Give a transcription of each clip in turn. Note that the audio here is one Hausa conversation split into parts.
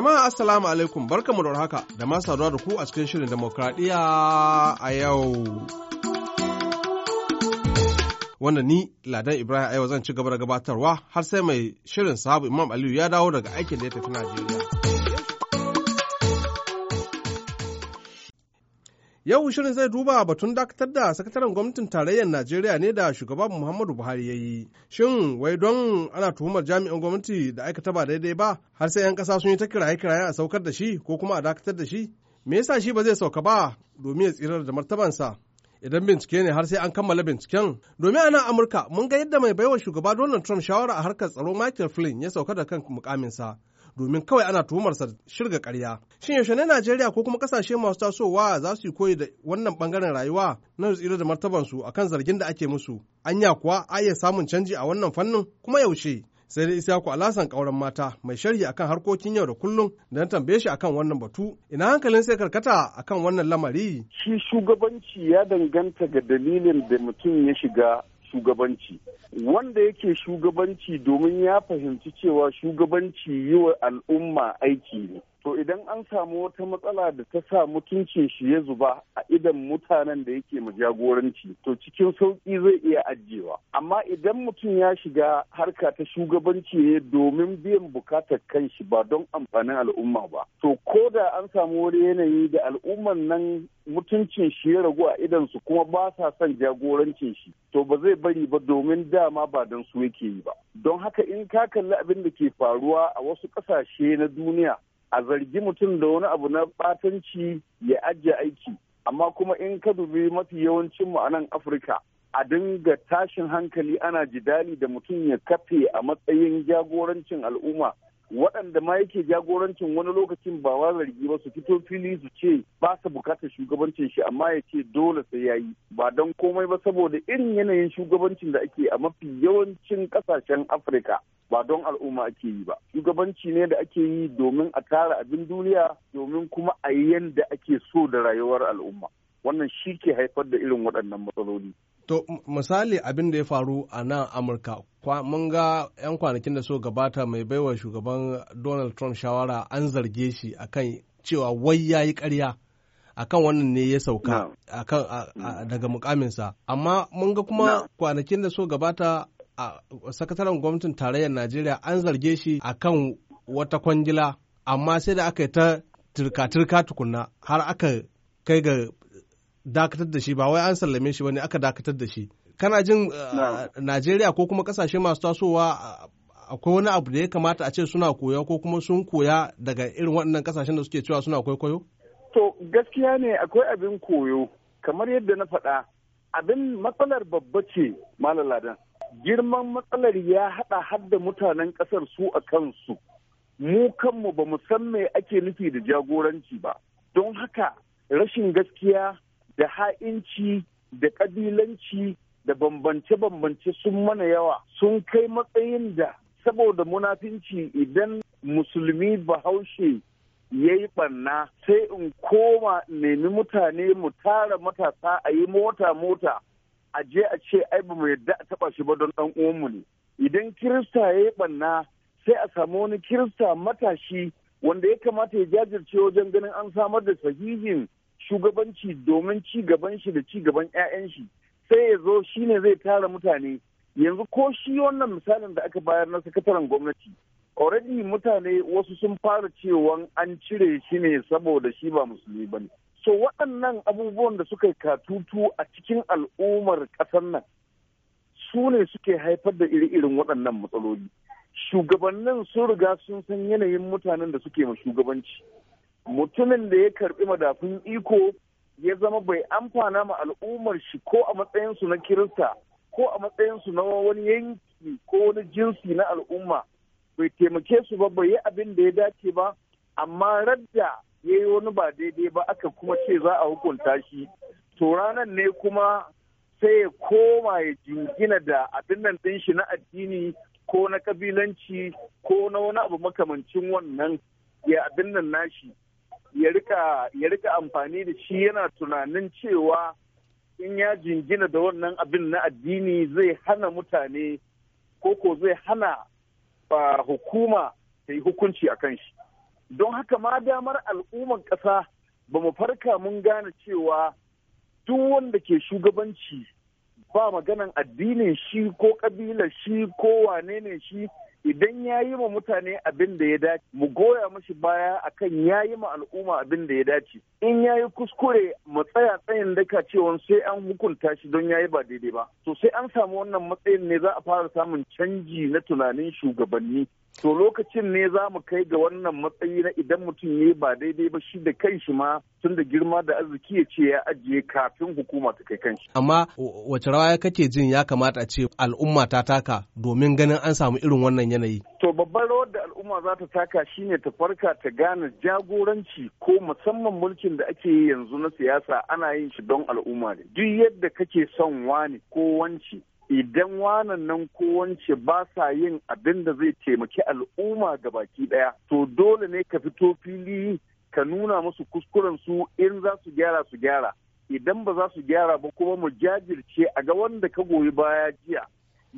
Jama'a Assalamu alaikum barkamu da haka da ma saduwa da ku a cikin shirin demokradiyya a yau. Wannan ni Ladan Ibrahim a yau zan ci gaba da gabatarwa har sai mai shirin sabu Imam Aliyu ya dawo daga aikin da ya tafi Najeriya. Yau shirin zai duba batun dakatar da sakataren gwamnatin tarayyar Najeriya ne da shugaban Muhammadu Buhari ya yi. Shin wai don ana tuhumar jami'in gwamnati da aikata ba daidai ba har sai 'yan kasa sun yi ta kiraye-kiraye a saukar da shi ko kuma a dakatar da shi? Me yasa shi ba zai sauka ba domin ya tsirar da martabansa? Idan bincike ne har sai an kammala binciken. Domin a Amurka mun ga yadda mai baiwa shugaba Donald Trump shawara a harkar tsaro Michael Flynn ya sauka da kan mukaminsa. domin kawai ana tuhumarsa da shirga karya. Shin yaushe ne Najeriya ko kuma ƙasashe masu tasowa za su yi koyi da wannan bangaren rayuwa na tsira da martabansu akan zargin da ake musu? Anya kuwa a iya samun canji a wannan fannin kuma yaushe? sai dai Isiyaku Alasan kauran mata mai sharhi akan harkokin yau da kullum da na tambaye shi akan wannan batu ina hankalin sai karkata akan wannan lamari shi shugabanci ya danganta ga dalilin da mutum ya shiga shugabanci wanda yake shugabanci domin ya fahimci cewa shugabanci yi wa al'umma aiki ne to idan an samu wata matsala da ta sa mutuncin shi ya zuba a idan mutanen da yake mu jagoranci to cikin sauƙi zai iya ajiyewa amma idan mutum ya shiga harka ta shugabanci ne domin biyan bukatar kanshi ba don amfanin al'umma ba to ko da an samu wani yanayi da al'umman nan mutuncin shi ya ragu a idan su kuma ba sa son jagorancin shi to ba zai bari ba domin dama ba don su yake yi ba don haka in ka kalli abin da ke faruwa a wasu ƙasashe na duniya a zargi mutum da wani abu na batanci ya ajiye aiki amma kuma in ka dubi mafi yawancinmu a nan afirka a dinga tashin hankali ana jidali da mutum ya kafe a matsayin jagorancin al'umma waɗanda ma yake jagorancin wani lokacin ba wa zargi ba su fito fili su ce ba su bukatar shugabancin shi amma ya ce dole sai ya yi ba don komai ba saboda irin yanayin shugabancin da ake a mafi yawancin ƙasashen afirka ba don al'umma ake yi ba shugabanci ne da ake yi domin a tara abin duniya domin kuma a yi yanda ake so da rayuwar al'umma wannan shi ke haifar da irin waɗannan matsaloli To misali abin da ya faru a nan Amurka, mun ga 'yan kwanakin da so gabata mai baiwa shugaban Donald Trump shawara an zarge shi akan cewa wai ya yi karya akan wannan ne ya sauka mm. daga mukaminsa. Amma mun ga kuma kwanakin da so gabata a sakataren gwamnatin tarayyar Najeriya an zarge shi akan wata kwangila, amma sai da aka yi ta turka-turka tukunna har aka kai ga dakatar da shi ba wai an sallame shi bane aka dakatar da shi kana jin uh, Najeriya ko kuma kasashe masu tasowa uh, akwai wani abu da ya kamata a ce suna koya ko kuma sun koya daga irin waɗannan kasashen da suke cewa suna kwaikwayo? To gaskiya ne akwai abin koyo kamar yadda na faɗa abin matsalar babba ce malaladan girman matsalar ya haɗa har da mutanen ƙasar su a kansu mu kanmu ba mu san me ake nufi da jagoranci ba don haka rashin gaskiya da ha'inci da ƙabilanci da bambance-bambance sun mana yawa sun kai matsayin da saboda munafinci idan musulmi bahaushe ya yi ɓanna sai in koma nemi mutane mu tara matasa a yi mota-mota a je a ce ai ba mu yadda a taɓa shi ba don ɗan uwanmu ne idan kirista ya yi ɓanna sai a samu wani kirista matashi wanda ya kamata ya jajirce wajen ganin an samar da sahihin shugabanci domin ci gaban shi da ci gaban 'ya'yan shi sai ya zo shine zai tara mutane yanzu ko shi wannan misalin da aka bayar na sakataren gwamnati already mutane wasu sun fara cewa an cire shi ne saboda shi ba musulmi ba ne so waɗannan abubuwan da suka katutu a cikin al'ummar ƙasar nan su ne suke haifar da iri-irin waɗannan matsaloli shugabannin sun riga sun san yanayin mutanen da suke ma shugabanci mutumin da ya karbi madafun iko ya zama bai amfana ma al'ummar shi ko a matsayinsu na kirista ko a matsayinsu na wani yanki ko wani jinsi na al'umma bai taimake su ba bai yi abin da ya dace ba amma radda ya yi wani ba daidai ba aka kuma ce za a hukunta shi to ranan ne kuma sai ya koma ya jingina da abin nan ɗin shi na addini ko na kabilanci ko na wani abu makamancin wannan ya abin nan nashi ya rika amfani da shi yana tunanin cewa in ya jingina da wannan abin na addini zai hana mutane ko ko zai hana ba hukuma ta yi hukunci a kan shi don haka ma damar al'umman ƙasa ba mu farka mun gane cewa duk wanda ke shugabanci ba maganan addinin shi ko ƙabilar shi ko wane ne shi idan ya yi ma mutane abin da ya dace mu goya mashi baya akan ya yi ma al'umma abin da ya dace in ya yi kuskure mu tsaya tsayin daka cewa sai an hukunta shi don ya yi ba daidai ba to sai an samu wannan matsayin ne za a fara samun canji na tunanin shugabanni to lokacin ne za mu kai ga wannan matsayi na idan mutum ya ba daidai ba shi da kai shi ma tun da girma da arziki ya ce ya ajiye kafin hukuma ta kai kan shi. Amma wace rawa kake jin ya kamata a ce al'umma ta taka domin ganin an samu irin wannan yanayi? To babban rawar da al'umma za ta taka shine ta farka ta gane jagoranci ko musamman mulkin da ake yi yanzu na siyasa ana yin shi don al'umma ne. Duk yadda kake son wani ko wanci idan wanan nan ko ba sa yin abin da zai taimaki al'umma ga baki daya to dole ne ka fito fili ka nuna musu kuskuren su in za su gyara su gyara idan ba za su gyara ba kuma mu jajirce a ga wanda ka goyi baya jiya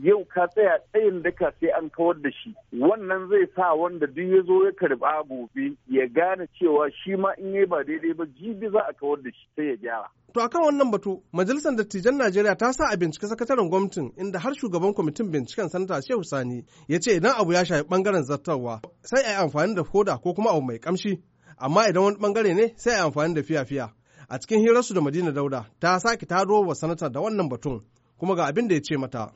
yau ka tsaya tsayin daka sai an kawar da shi wannan zai sa wanda duk ya zo ya karba gobe ya gane cewa shi ma in yi ba daidai ba jibi za a kawar da shi sai ya gyara. To a kan wannan batu majalisar dattijan Najeriya ta sa a bincike sakataren gwamnatin inda har shugaban kwamitin binciken sanata Shehu Sani ya ce idan abu ya shafi bangaren zartarwa sai a yi amfani da koda ko kuma abu mai kamshi amma idan wani bangare ne sai a yi amfani da fiya-fiya. A cikin hirarsu da Madina Dauda ta sake taro wa sanata da wannan batun kuma ga abin da ya ce mata.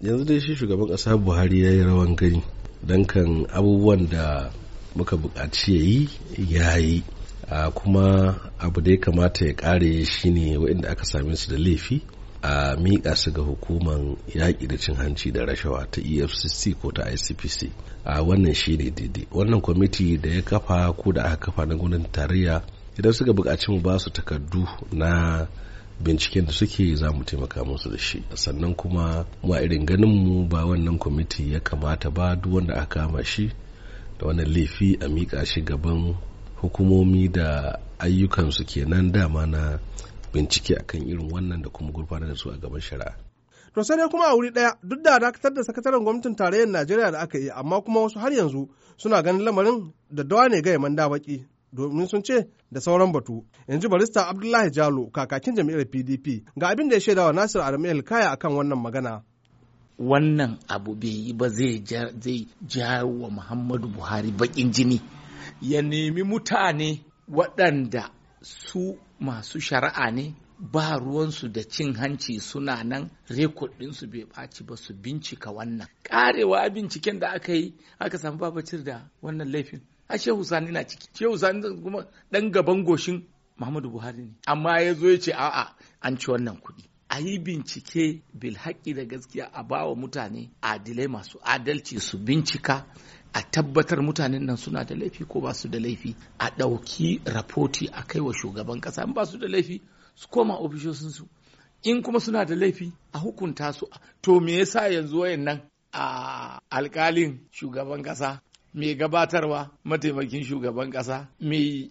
yanzu dai shi shugaban ƙasa buhari ya yi rawan gani don kan abubuwan da muka buƙaci ya yi ya yi a kuma abu da ya kamata ya ƙare ne waɗanda aka same su da laifi a miƙa su ga hukuman yaƙi da cin hanci da rashawa ta efcc ko ta icpc a wannan shi ne daidai wannan kwamiti da ya kafa ko da aka kafa na gudun tarayya idan suka buƙaci mu ba su takardu na binciken da suke za mu taimaka musu da shi sannan kuma mu a irin ganin mu ba wannan kwamiti ya kamata ba duk wanda aka kama shi da wannan laifi a miƙa shi gaban hukumomi da ayyukansu kenan dama na bincike akan irin wannan da kuma gurfanar da su a gaban shari'a to sai dai kuma a wuri daya duk da dakatar da sakataren gwamnatin tarayyar najeriya da aka yi amma kuma wasu har yanzu suna ganin lamarin da dawa ne ga yaman da baki domin sun ce da sauran batu. Yanzu barista Abdullahi Jalo kakakin jami'ar PDP ga abin da ya shaidawa Nasir Adamu Kaya akan wannan magana. Wannan abu bai yi ba zai jawo Muhammadu Buhari bakin jini ya nemi mutane waɗanda su masu shari'a ne ba ruwansu da cin hanci suna nan rekodinsu bai ɓaci ba su bincika wannan ƙarewa binciken da aka yi aka samu babacir da wannan laifin a shehu sani na ciki shehu sani kuma dan gaban goshin muhammadu buhari ne amma ya zo ya ce a'a an ci wannan kuɗi a yi bincike bilhaƙi da gaskiya a bawa mutane adilai masu adalci su bincika a tabbatar mutanen nan suna da laifi ko ba su da laifi a ɗauki rapoti a kai wa shugaban ƙasa in ba su da laifi su koma ofishosinsu in kuma suna da laifi a hukunta su to me yasa yanzu wayan nan a alkalin shugaban ƙasa mai gabatarwa mataimakin shugaban ƙasa mai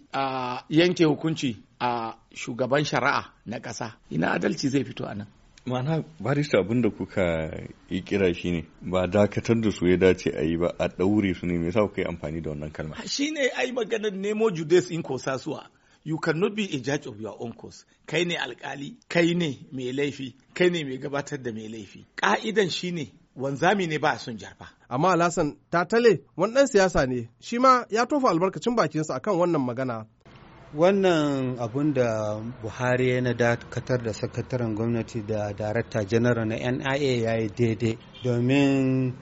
yanke hukunci a shugaban shari'a na ƙasa ina adalci zai fito anan? nan mana barista abin da kuka yi kira shi ne ba dakatar da su ya dace a yi ba a ɗaure su ne me sa kuka yi amfani da wannan kalma shine ai maganar nemo judes in kosasuwa you cannot be a judge of your own course." kai ne alkali kai ne mai laifi kai ne mai gabatar da mai laifi ka'idan shine wanzami ne ba a son jarfa amma alhassan tatale wani dan siyasa ne shi ma ya tofa albarkacin bakinsa akan wannan magana wannan abun da buhari ya na dakatar da sakataren gwamnati da darakta janar na nia ya yi daidai domin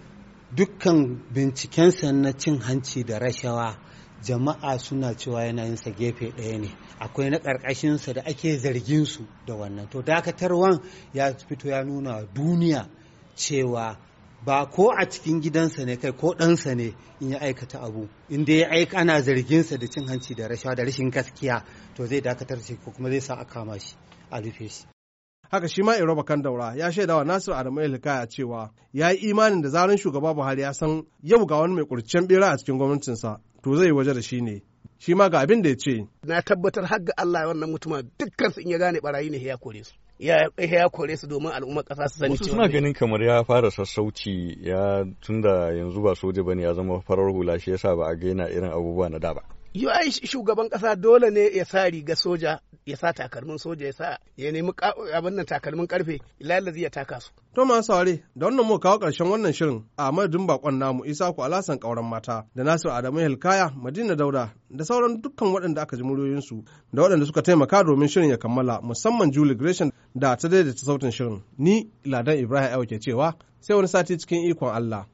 dukkan bincikensa na cin hanci da rashawa jama'a suna cewa yana sa gefe ɗaya ne akwai na ƙarƙashinsa da ake zarginsu da wannan to dakatarwan ya fito ya nuna duniya cewa ba ko a cikin gidansa ne kai ko ɗansa ne in ya aikata abu in dai ya aika ana zarginsa da cin hanci da rashawa da rashin gaskiya to zai dakatar shi ko kuma zai sa a kama shi a rufe shi haka shi ma Iroba Daura, ya shaidawa nasir Nasiru Adamu Elkaya cewa ya yi imanin da zaran shugaba Buhari ya san yau ga wani mai kurcen bera a cikin gwamnatinsa to zai waje da shi ne shi ma ga abin da ya ce na tabbatar har ga Allah wannan mutuma dukkan su in ya gane barayi ne ya kore su ya ya kore su domin al'ummar ƙasa su sani cewa suna ganin kamar ya fara sassauci ya tunda yanzu ba soja bane ya zama farar hula shi yasa ba a gaina irin abubuwa na da ba Yo shugaban kasa dole ne ya sa riga soja ya sa takalmin soja ya sa ya nemi abin nan takalmin karfe lalazi ya taka su. To ma saware da wannan mu kawo karshen wannan shirin a madadin bakon namu Isa ku alasan kauran mata da Nasir Adamu Hilkaya Madina Dauda da sauran dukkan waɗanda aka ji muryoyinsu da waɗanda suka taimaka domin shirin ya kammala musamman Julie Gresham da ta daidaita sautin shirin. Ni Ladan Ibrahim Ayo ke cewa sai wani sati cikin ikon Allah.